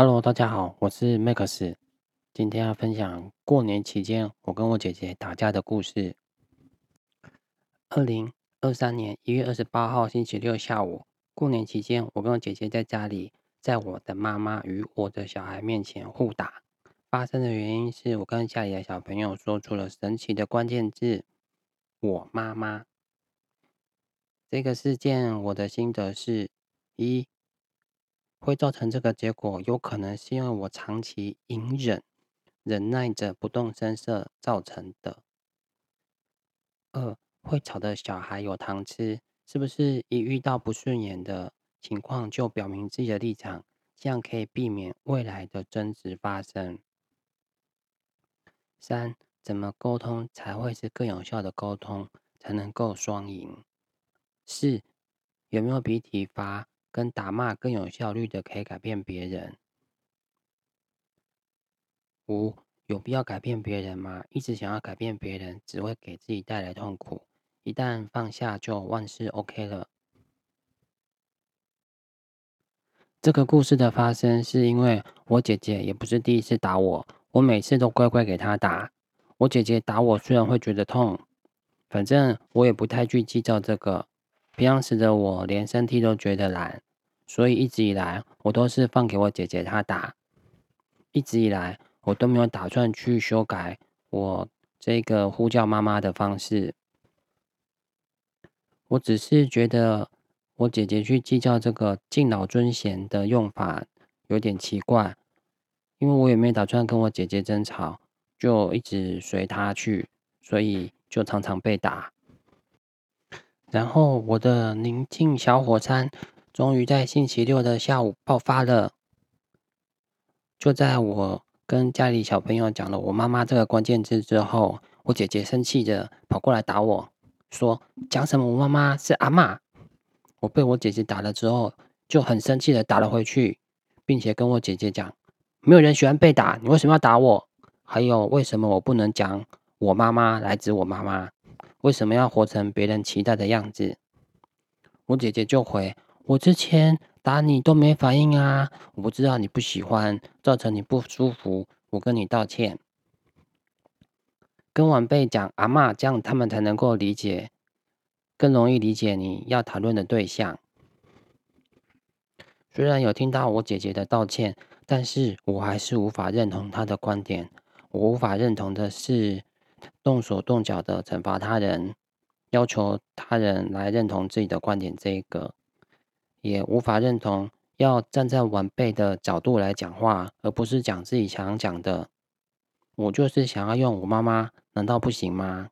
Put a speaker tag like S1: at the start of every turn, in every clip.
S1: Hello，大家好，我是 Max。今天要分享過年期間我跟我姐姐打架的故事。二零二三年一月二十八號星期六下午，過年期間我跟我姐姐在家裡，在我的媽媽與我的小孩面前互打。發生的原因是我跟家裡的小朋友說出了神奇的關鍵字，我媽媽。這個事件我的心得是：一。會造成這個結果，有可能是因為我長期隱忍、忍耐着不動聲色造成的。二，會吵的小孩有糖吃，是不是一遇到不順眼的情況就表明自己的立場，這樣可以避免未來的爭執發生？三，怎麼溝通才會是更有效的溝通，才能夠雙贏？四，有沒有比體罰跟打罵更有效率的，可以改變別人。五，有必要改變別人嗎？一直想要改變別人，只會給自己帶來痛苦。一旦放下，就萬事 OK 了。這個故事的發生，是因為我姐姐也不是第一次打我，我每次都乖乖給她打。我姐姐打我雖然會覺得痛，反正我也不太去計較這個。平常時的我連身體都覺得懶，所以一直以來我都是放給我姐姐她打，一直以來我都沒有打算去修改我這個呼叫媽媽的方式，我只是覺得我姐姐去計較這個敬老尊賢的用法有點奇怪，因為我也沒打算跟我姐姐爭吵，就一直隨她去，所以就常常被打。然後我的寧靜小火山終於在星期六的下午爆發了。就在我跟家裡小朋友講了“我媽媽”這個關鍵字之後，我姐姐生氣的跑過來打我說：“講什麼？我媽媽是阿嬤。”我被我姐姐打了之後，就很生氣的打了回去，並且跟我姐姐講：“沒有人喜歡被打，你為什麼要打我？還有為什麼我不能講我媽媽來指我媽媽？”為什麼要活成別人期待的樣子？我姐姐就回：我之前打你都沒反應啊，我不知道你不喜歡，造成你不舒服，我跟你道歉。跟晚輩講阿媽，這樣他們才能夠理解，更容易理解你要討論的對象。雖然有聽到我姐姐的道歉，但是我還是無法認同她的觀點。我無法認同的是。動手動腳的懲罰他人，要求他人來認同自己的觀點，這一個也無法認同。要站在晚輩的角度來講話，而不是講自己想講的。我就是想要用我媽媽，難道不行嗎？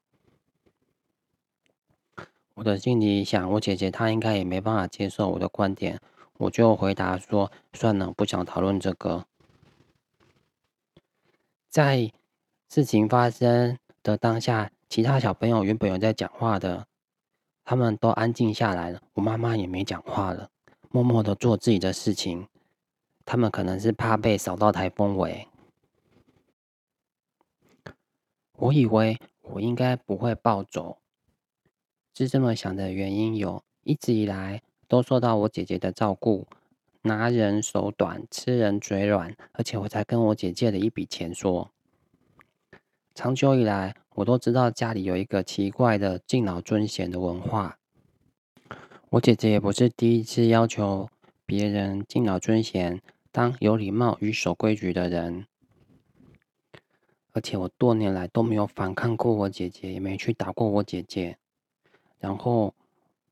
S1: 我的心裡想，我姐姐她應該也沒辦法接受我的觀點，我就回答說：算了，不想討論這個。在事情發生，的當下，其他小朋友原本有在講話的，他們都安靜下來了。我媽媽也沒講話了，默默的做自己的事情。他們可能是怕被掃到台風尾。我以為我應該不會暴走，是這麼想的原因有：一直以來都受到我姐姐的照顧，拿人手短，吃人嘴軟，而且我才跟我姐借了一筆錢說。長久以來，我都知道家裡有一個奇怪的敬老尊賢的文化。我姐姐也不是第一次要求別人敬老尊賢，當有禮貌與守規矩的人。而且我多年來都沒有反抗過我姐姐，也沒去打過我姐姐。然後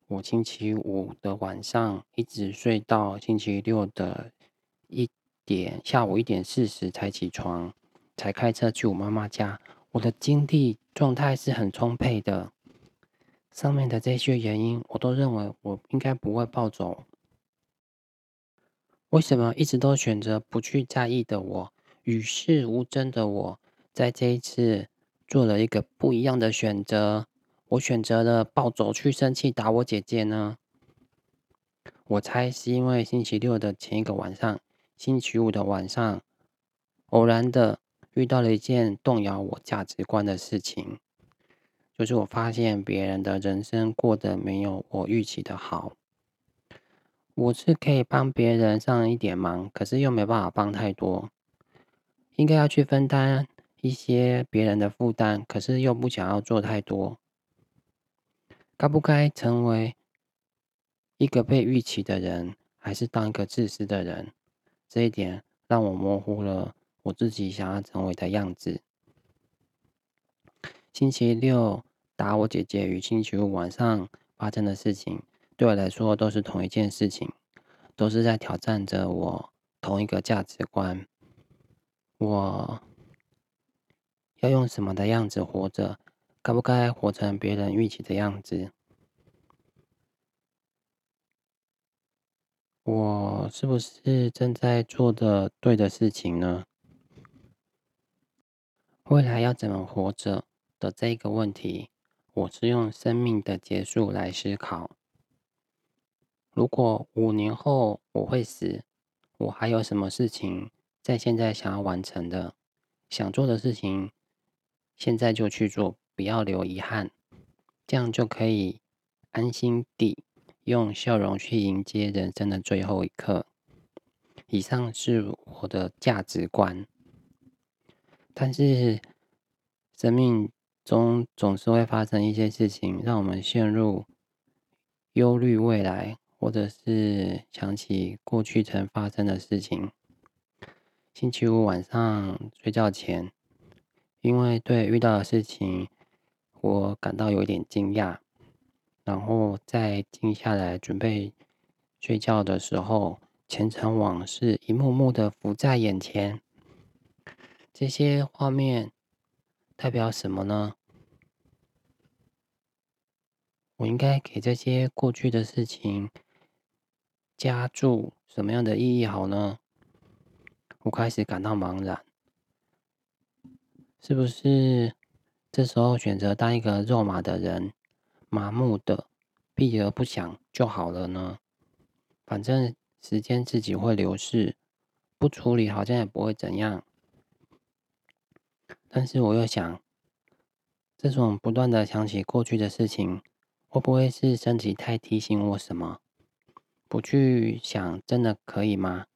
S1: 我星期五的晚上一直睡到星期六的一點，下午一點四十才起床。才開車去我媽媽家，我的精力狀態是很充沛的。上面的這些原因，我都認為我應該不會暴走。為什麼一直都選擇不去在意的我，與世無爭的我，在這一次做了一個不一樣的選擇？我選擇了暴走去生氣打我姐姐呢？我猜是因為星期六的前一個晚上，星期五的晚上，偶然的。遇到了一件動搖我價值觀的事情，就是我發現別人的人生過得沒有我預期的好。我是可以幫別人上一點忙，可是又沒辦法幫太多。應該要去分擔一些別人的負擔，可是又不想要做太多。該不該成為一個被預期的人，還是當一個自私的人？這一點讓我模糊了。我自己想要成為的樣子。星期六打我姐姐與星期五晚上發生的事情，對我來說都是同一件事情，都是在挑戰着我同一個價值觀。我要用什麼的樣子活着？該不該活成別人預期的樣子？我是不是正在做的對的事情呢？未來要怎麼活着的這一個問題，我是用生命的結束來思考。如果五年後我會死，我還有什麼事情在現在想要完成的，想做的事情，現在就去做，不要留遺憾，這樣就可以安心地用笑容去迎接人生的最後一刻。以上是我的價值觀。但是，生命中總是會發生一些事情，讓我們陷入憂慮未來，或者是想起過去曾發生的事情。星期五晚上睡覺前，因為對遇到的事情，我感到有一點驚訝，然後在靜下來準備睡覺的時候，前塵往事一幕幕的浮在眼前。這些畫面代表什麼呢？我應該給這些過去的事情加注什麼樣的意義好呢？我開始感到茫然。是不是這時候選擇當一個肉麻的人，麻木的避而不想就好了呢？反正時間自己會流逝，不處理好像也不會怎樣。但是我又想，這種不斷的想起過去的事情，會不會是身體太提醒我什麼？不去想，真的可以嗎？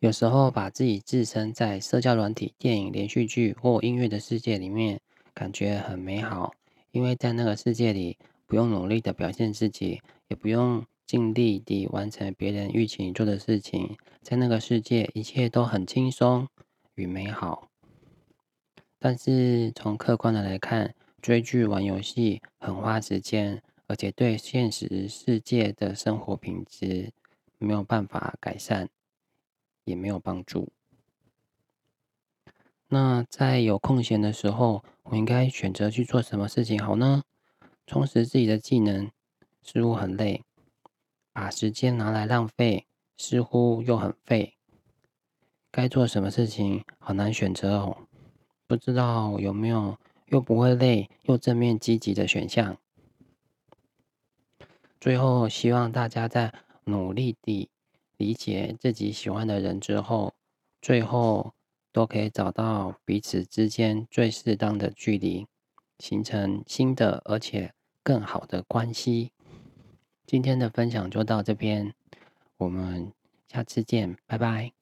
S1: 有時候把自己置身在社交軟體、電影連續劇或音樂的世界裡面，感覺很美好，因為在那個世界裡，不用努力的表現自己，也不用盡力地完成別人預期做的事情，在那個世界，一切都很輕鬆與美好。但是從客觀的來看，追劇、玩遊戲很花時間，而且對現實世界的生活品質沒有辦法改善，也沒有幫助。那在有空閒的時候，我應該選擇去做什麼事情好呢？充實自己的技能，似乎很累；把時間拿來浪費，似乎又很廢。該做什麼事情，很難選擇哦。不知道有沒有又不會累又正面積極的選項。最後希望大家在努力地理解自己喜歡的人之後，最後都可以找到彼此之間最適當的距離，形成新的而且更好的關係。今天的分享就到這邊，我們下次見，拜拜。